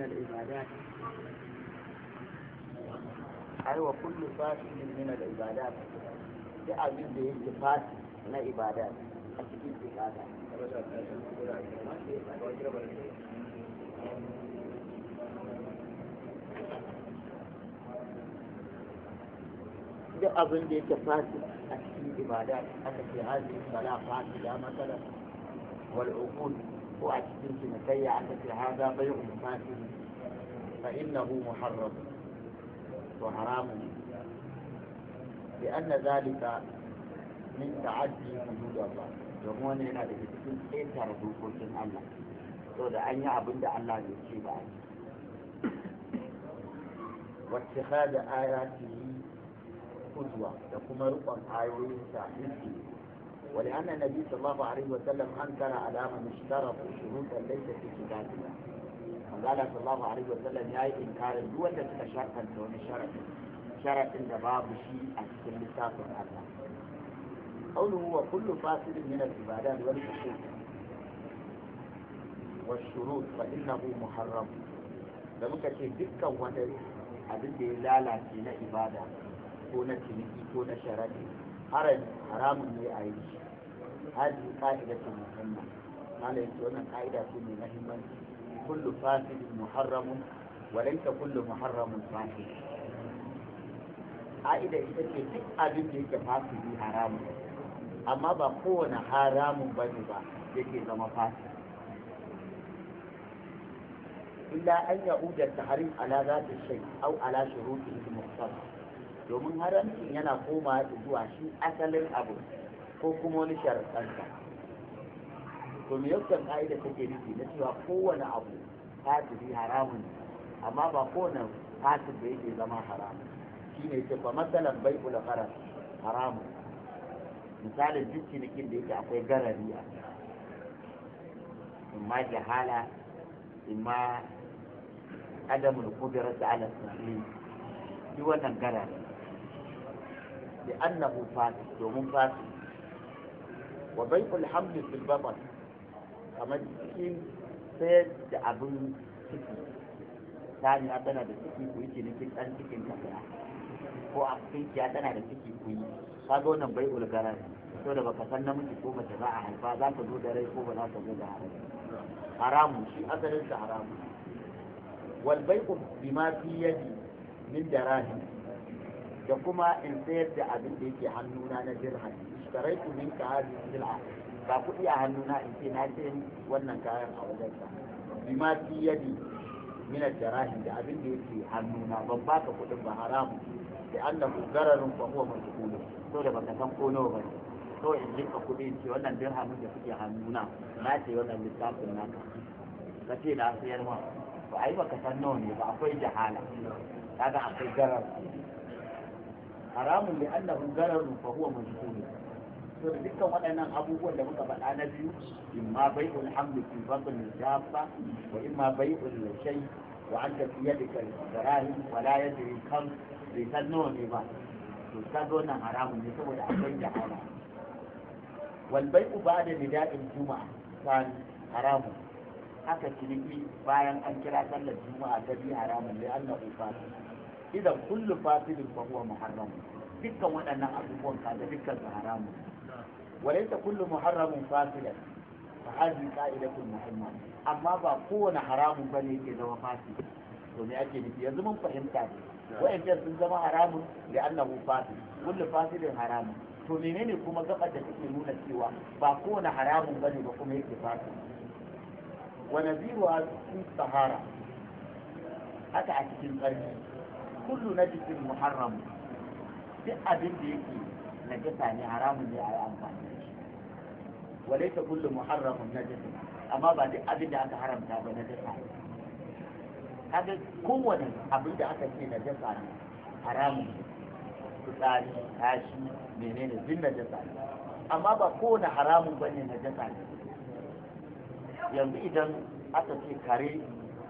من العبادات أيوة وكل فاسد من العبادات جاء بالله الفاسد من العبادات أكيد بهذا ده أظن دي كفاسد أكيد هذه الصلاة فاسدة مثلا والعقول فؤاد بنت هذا غير مفاتن فإنه محرم وحرام لأن ذلك من تعدي حدود الله يقولون هنا بكتن كيف ترضو كل سن الله سودا أن يعبد دع الله يتشيب عنه واتخاذ آياته قدوة يقوم رقم آيوين ساحبه ولأن النبي صلى الله عليه وسلم أنكر على من اشترط شروطا ليست في كتاب الله. قال صلى الله عليه وسلم يا إنكار هو الذي أشرت أن تكون شرطا شرطا لباب شيء أكثر من لساق الله قوله هو كل فاسد من العبادات والشروط والشروط فإنه محرم لذلك تبكى ودر أبدا لا لا تنا إبادة كون تنكي كون شرطي حرام حرام من أي شيء هذه قاعدة مهمة ما أن قاعدة مهمة كل فاسد محرم وليس كل محرم فاسد قاعدة إذا كنت duk abin da yake fasidi haramun amma ba kowane haramun bane إلا أن يعود التحريم على ذات الشيء أو على شروطه المختصة domin haramcin yana koma zuwa shi asalin abu ko kuma wani sharaɗanta to me yakan ka'ida take nufi na cewa kowane abu kafiri haramun amma ba kowane fatin da yake zama haramun shi ne ce fa matsalan bai kula faras haramun misalin duk cinikin da yake akwai garari a in ma jahala in ma adamul kudurar da ala tsari duk wannan garari da annahu fatin domin fatin wa bai ulhamdu fil baban kamar cikin sayar da abin ciki saniya tana da ciki ku yi cinikin ɗan cikin ta ko a kinkiya tana da ciki ku yi kaga wannan bai ulgara ne to da baka san namiji ko mace za a haifa za ka zo da rai ko ba za ka zo da rai haramu shi asalin sa haramu wal bai'u bima fi yadi min darahim da kuma in sayar da abin da yake hannuna na dirhami istaraitu min ka hadi sil'a ba kuɗi a hannuna in ce na ce wannan kayan a wajen sa bima fi yadi min da abin da yake hannuna ban baka kuɗin ba haramu da annahu gararun fa huwa majhul to da baka san ko nawa ba kawai in jinka kuɗi ce wannan dirhamin da suke hannuna na ce wannan littafin naka ka ce na sayar ma ba ai baka san nawa ne ba akwai jahala kaga akwai garar haramun li annahu gararun fa huwa majhul to da dukkan waɗannan abubuwan da muka faɗa na biyu in ma bai ulhamdu fi fadl dabba wa in ma bai ulshay wa anta fi yadika zarahim wa la yadri kam bai san ne ba to ka zo nan haramun ne saboda akwai jahala wal bai'u ba'da nida'il juma'a kan haramun haka ciniki bayan an kira sallar juma'a ta bi haramun da Allah ku fasu idan kullu fasidin fa huwa muharram dukkan waɗannan abubuwan ka da dukkan su haramun وليس كل محرم فاسدا فهذه قاعدة مهمة أما بقوة حرام بني كذا وفاسد ومن أجل في يزمن فهمتها وإن جزم زما حرام لأنه فاسد كل فاسد حرام to menene kuma gabar da nuna cewa ba kowane haramun bane ba kuma yake fata wa naziru fi sahara haka a cikin tsarki kullu najisin muharram duk abin da yake najasa ne haramun ne a yi amfani da shi Wale ta kullu muharramun najasa amma ba duk abin da aka haramta ba najasa ne kaga kowane abin da aka ce najasa ne haramun ne fitsari tashi menene duk najasa ne amma ba kowane haramun ba ne najasa ne yanzu idan aka ce kare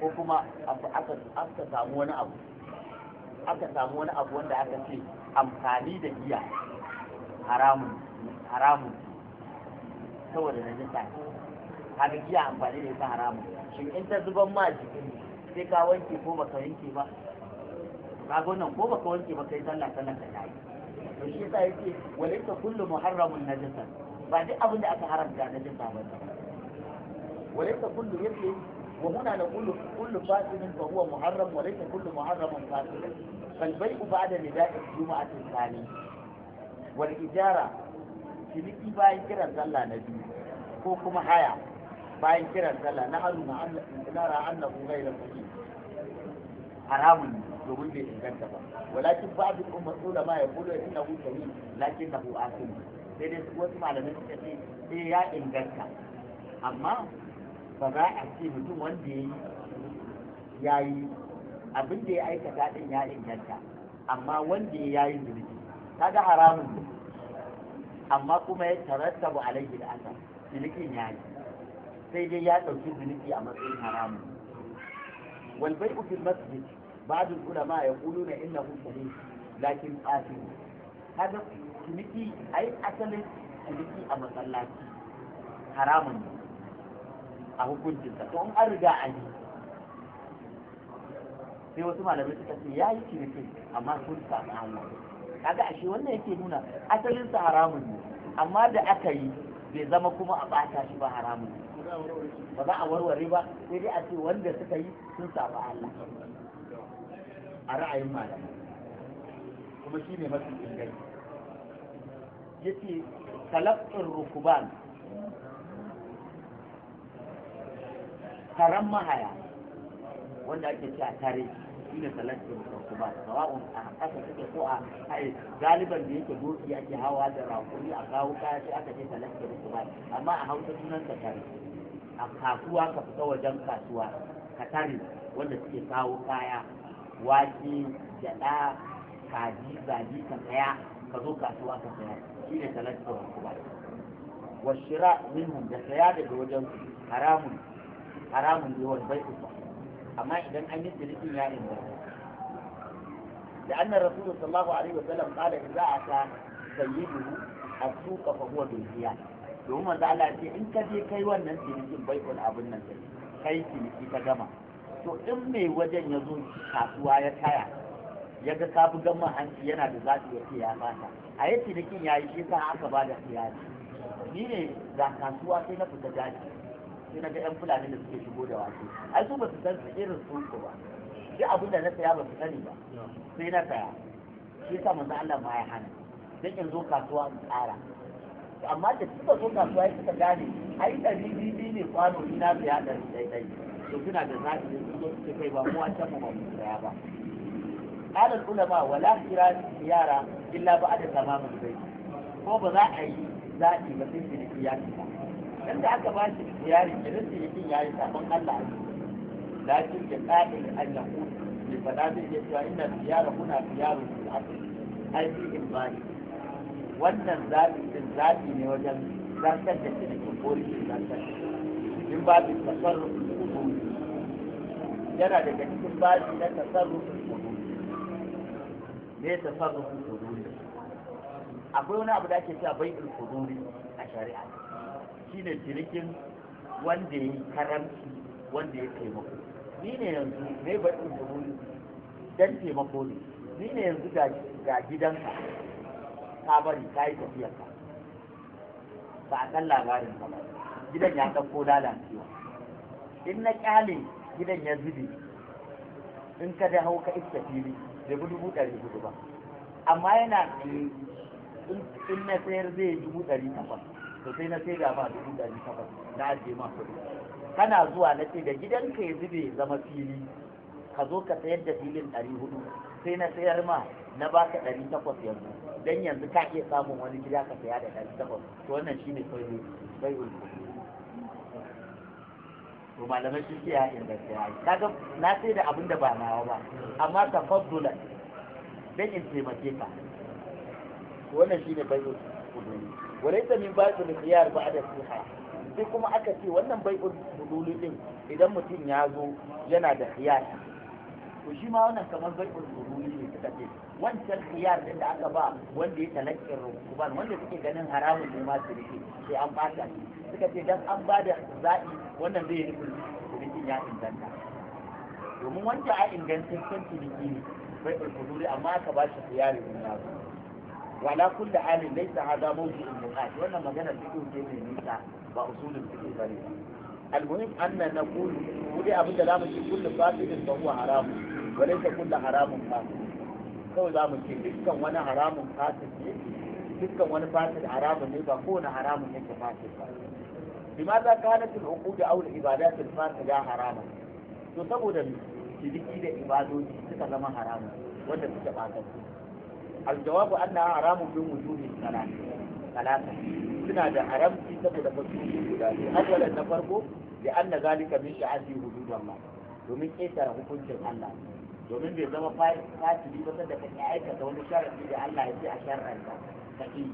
ko kuma aka samu wani abu aka samu wani abu wanda aka ce amfani da giya haramun haramun saboda jinta kaga giya amfani da ita haramun shin in ta zuban ma jikin sai ka wanke ko baka wanke ba ka wannan ko baka wanke ba kai sallah sallah ka tayi to shi yasa yake walaita kullu muharramun najasa ba duk abin da aka haramta jinta ba walaita kullu yake wa kullu نقول fa huwa muharram walaita kullu muharramun محرم فاسدا فالبيع بعد nida'i الجمعة الثانية Wani ijara ciniki bayan kiran sallah na biyu ko kuma haya bayan kiran sallah na haru na nara annahu ghayra sahih haramun ne domin bai inganta ba walakin ba'du ummat ulama ya kula innahu sahih lakinnahu asim sai dai wasu malamai suka ce sai eh, ya inganta amma ba za a ce mutum wanda ya yi ya yi abin da ya aikata din ya inganta amma wanda ya yi zunubi kaga haramun amma kuma ya tarattabu alaihi da asar cinikin ya yi sai dai ya ɗauki ciniki a matsayin haramun wal bai fil masjid ba'd duk ulama yaquluna innahu sahih lakin qatil kaga ciniki ai asalin ciniki a masallaci haramun ne a hukuncinsa to in an riga a yi sai wasu malamai suka ce ya yi cinikin amma sun samu an wani kaga ashe wannan yake nuna asalin sa haramun ne amma da aka yi bai zama kuma a bata shi ba haramun ne ba za a warware ba sai dai a ce wanda suka yi sun saba Allah a ra'ayin malami kuma shi ne mafi inganci yace talaqin rukuban karan mahaya wanda ake ci a tare ne salatin ba sawa'un a aka suke ko a haɗe galiban da yake doki ake hawa da rakuri a kawo kaya sai aka ce salatin ba amma a hausa sunan ka tare a kasuwa ka fita wajen kasuwa ka tare wanda suke kawo kaya wake gyaɗa kaji gaji, ka saya ka zo kasuwa ka saya shine salatin ba shira minhum da saya daga wajen haramun haramun ne wani bai'u amma idan an yi silikin ya inganta da annar rasul sallahu alaihi wasallam qala idza ata sayyidu as-suq fa huwa bil domin manzo Allah ya ce in ka je kai wannan bai baikon abin nan sai kai siliki ta gama to in mai wajen ya zo kasuwa ya taya ya ga ka bugan hanci yana da zaɓi ya ce ya fata a yi cinikin ya yi shi sa aka ba da ni ne da kasuwa sai na fita jaji sai na ga yan fulani da suke shigo da wake ai su ba su san irin su ba duk abin da na saya ba su sani ba sai na saya shi yasa manzo Allah ma ya hana duk in zo kasuwa in tsara amma da suka zo kasuwa suka gane ai ɗari biyu ne kwano ni na saya ɗari dai dai to suna da zaɓi ne su zo su kai ba mu wancan ba mu saya ba قال العلماء ولا خيرات سيارة إلا بعد تمام البيت ko ba za a yi zaki ba sai ciniki ya cika dan aka ba shi ziyari da nake yakin yayi sabon Allah lakin ya qabil an yaqul bi fadadin ya cewa inna ziyara kuna ziyaru al-asr aiki in imani wannan zabi din zabi ne wajen zartar da shi da kokori da zartar in ba bi tasarruf yana daga cikin babi na me tasarruf ne tasarruf akwai wani abu da ake cewa bai'ul fuduri a shari'a shine jirgin wanda ya yi karanci wanda ya taimako ni ne yanzu mai ba da wuri dan taimako ne ni ne yanzu ga gidanka ka bari ka yi tafiyarka ba a kan labarin ba gidan ya ɗauko lalacewa in na ƙyale gidan ya zube in ka da hau ka iska fili da bi dubu ɗari hudu ba amma yana in na sayar zai yi dubu ɗari takwas to sai na sai ga ma dubu ɗari takwas na ajiye ma kuɗi kana zuwa na ce da gidanka ya zube zama fili ka zo ka sayar da filin ɗari hudu sai na sayar ma na baka ɗari takwas yanzu dan yanzu ka iya samun wani gida ka saya da ɗari takwas to wannan shine sai sai to malamai shi ya inda ya yi kaga na sai da abin da ba nawa ba amma tafaddula dan in taimake ka wannan shine bai'ul walaita min bai'ul khiyar ba'da siha sai kuma aka ce wannan bai'ul buduli din idan mutum ya zo yana da khiyar to shi ma wannan kamar bai'ul buduli ne suka ce wancan khiyar din da aka ba wanda ya talakkin rukuban wanda suke ganin haramun ne ma su rike sai an fata suka ce dan an ba da za'i wannan zai yi rikin ya inganta domin wancan a ingantaccen ciniki ne bai'ul buduli amma aka ba shi khiyar ne ya zo wala kulli Ali laysa hada mawdu'un muqat wannan magana take ce ne ta ba usulul fiqh bane المهم أن نقول ودي أبو جلام كل فاسد فهو حرام وليس كل حرام فاسد كو زام كل وانا حرام فاسد dukkan wani fasid haramun ne ba kowane haramun yake fasid ba hana kanat al-uqud da al-ibadat al ya harama? to saboda ciniki da ibadoji suka zama haramun wanda suka aljawabu annaha haramun bin wujuhi suna da haramci saboda fasoshi guda biyu awwalan na farko da anna zalika min sha'ani hududallah domin ƙetare hukuncin Allah domin bai zama fasili ba sanda kake aikata wani sharadi da Allah ya ce a shar'anta kake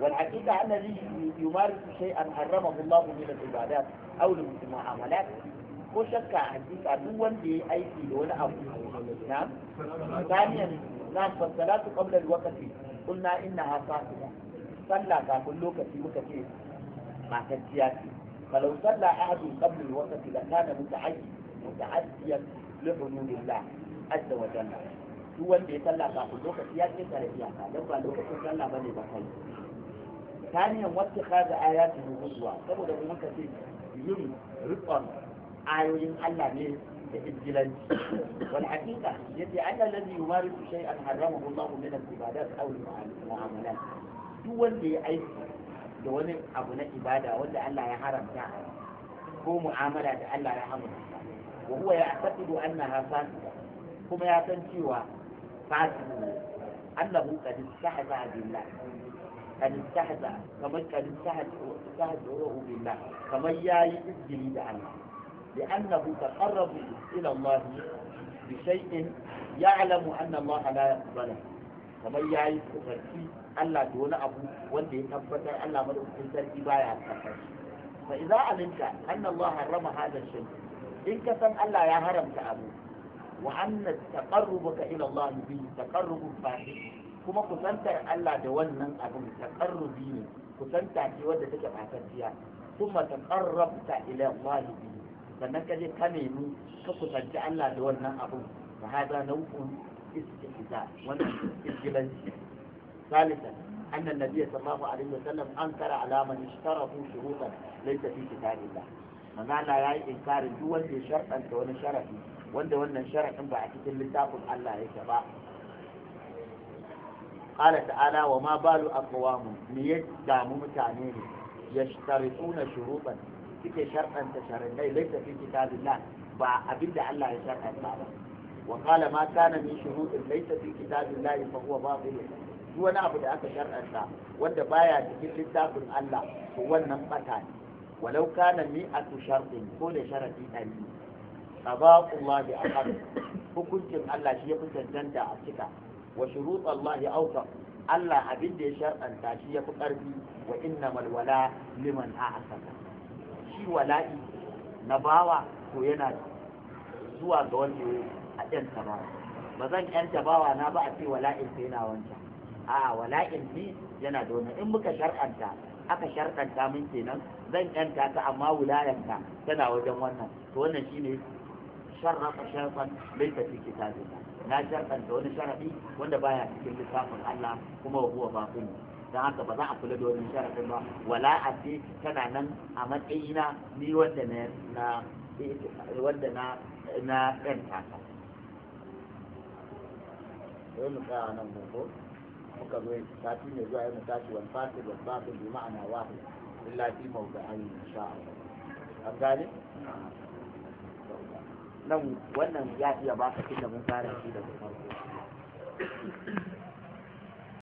والحقيقة الذي يمارس a حرمه الله من العبادات أو المعاملات ko shakka a hakika duk wanda ya yi aiki da wani abu na ثانيا na'am fa salatu qabla al-waqti qulna innaha fasida sallah kafin lokaci muka ce matacciya ce falau sallah ahadun qabla al-waqti la kana muta'ayyi muta'addiyan li hududillah azza wa jalla duk wanda ya sallah kafin lokaci ya ce tsare iyaka dan ba lokacin ba kai ثانيا واتخاذ آياته هزوا saboda mun kace yin rikon ayoyin Allah ne da izgilanci wal haqiqa yace annal ladhi yumarisu shay'an haramahu Allah da wani abu na ibada wanda Allah da Allah ya haramta wa huwa kuma cewa a ne istahza istahza kamar kamar yayi izgili da Allah لأنه تقرب إلى الله بشيء يعلم أن الله لا يقبله kamar ya yi tsarki Allah da wani abu wanda ya tabbatar Allah madaukakin sarki baya tabbatar fa idza alinta anna Allah harrama hadha shay in ka san Allah ya haramta abu wa anna taqarrubuka ila Allah bi taqarrubun fahih kuma kusantar Allah da wannan abin taqarrubi ne kusanta ce wadda take fatacciya kuma taqarrabta ila sannan ka je ka nemi ka kusanci Allah da wannan abun fa hada nau'un istihza wannan izgilanci ثالثا أن النبي صلى الله عليه وسلم أنكر على من اشترط شروطا ليس في كتاب الله manana ya yi inkarin duk wanda ya sharɗanta wani sharafi wanda wannan sharafin ba a cikin littafin Allah yake ba qala ta'ala wa ma balu aqwamu me ya damu mutane ne yashtarituna shurutan suke sharɗanta sharadai laifin fi kitabillah ba abinda Allah ya sharɗanta ba wa qala ma kana min shurutin laysa fi kitabillah fa huwa batil duk wani abu da aka shar'anta wanda baya cikin littafin Allah to wannan bata ne walau kana mi'atu shartin ko da sharadi ɗari qada'ullah bi aqar hukuncin Allah shi ya fi cancanta a cika wa shurut Allah ya auka Allah abin ya shi ya fi ƙarfi wa innamal wala liman shi wala'i na bawa to yana zuwa ga wanda ya a ɗanta ba ba zan ƴanta bawa na ba a ce wala'in sai yana wancan a wala'in ni yana da wani in muka shar'anta aka sharɗanta min kenan zan ƴanta ta amma wulayanta tana wajen wannan to wannan shine sharrafa sharfan laita fi kitabillah na sharɗanta wani sharaɗi wanda baya cikin lissafin Allah kuma wa huwa baqin don haka ba za a kula da wannan sharafin ba wala addi tana nan a matsayina ni wanda na wanda na na ɗan tasa sai mu tsaya nan gobe muka zo sati ne zuwa mu tashi wani fasi wani fasi bi ma'ana wahid illa fi mawdu'ain insha Allah an gane nan wannan ya iya baka tunda mun fara shi da farko